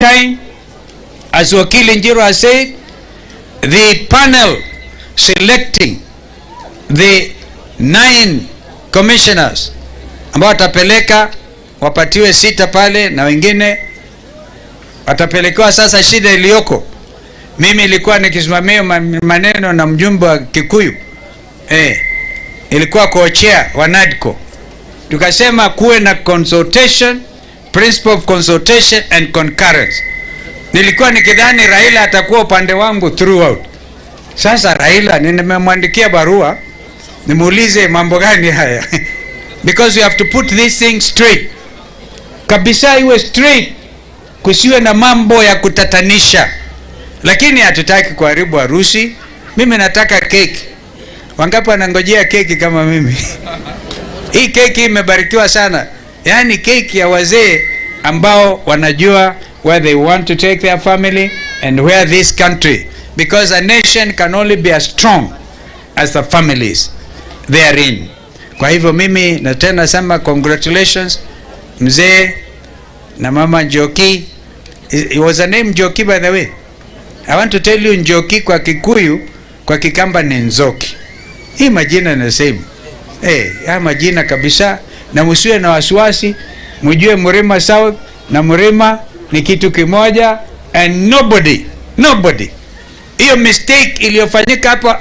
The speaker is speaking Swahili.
time, as Wakili Njiro has said, the panel selecting the nine commissioners ambao watapeleka wapatiwe sita pale na wengine watapelekewa. Sasa shida iliyoko, mimi ilikuwa nikisimamia maneno na mjumbe wa Kikuyu eh, ilikuwa kuochea wa NADCO, tukasema kuwe na consultation principle of consultation and concurrence. Nilikuwa nikidhani Raila atakuwa upande wangu throughout. Sasa Raila nimemwandikia barua nimuulize mambo gani haya because we have to put this thing straight kabisa, iwe straight, kusiwe na mambo ya kutatanisha. Lakini hatutaki kuharibu harusi. Mimi nataka keki. Wangapi wanangojea keki kama mimi? Hii keki imebarikiwa sana yani keki ya wazee ambao wanajua where they want to take their family and where this country because a nation can only be as strong as the families therein. Kwa hivyo mimi na tena sema congratulations mzee na mama Njoki. It was a name Njoki by the way. I want to tell you Njoki kwa Kikuyu, kwa Kikamba ni Nzoki. Hii majina ni same. Eh, hey, haya majina kabisa na msiwe na wasiwasi, mujue Mrima South na Mrima ni kitu kimoja, and nobody nobody, hiyo mistake iliyofanyika hapa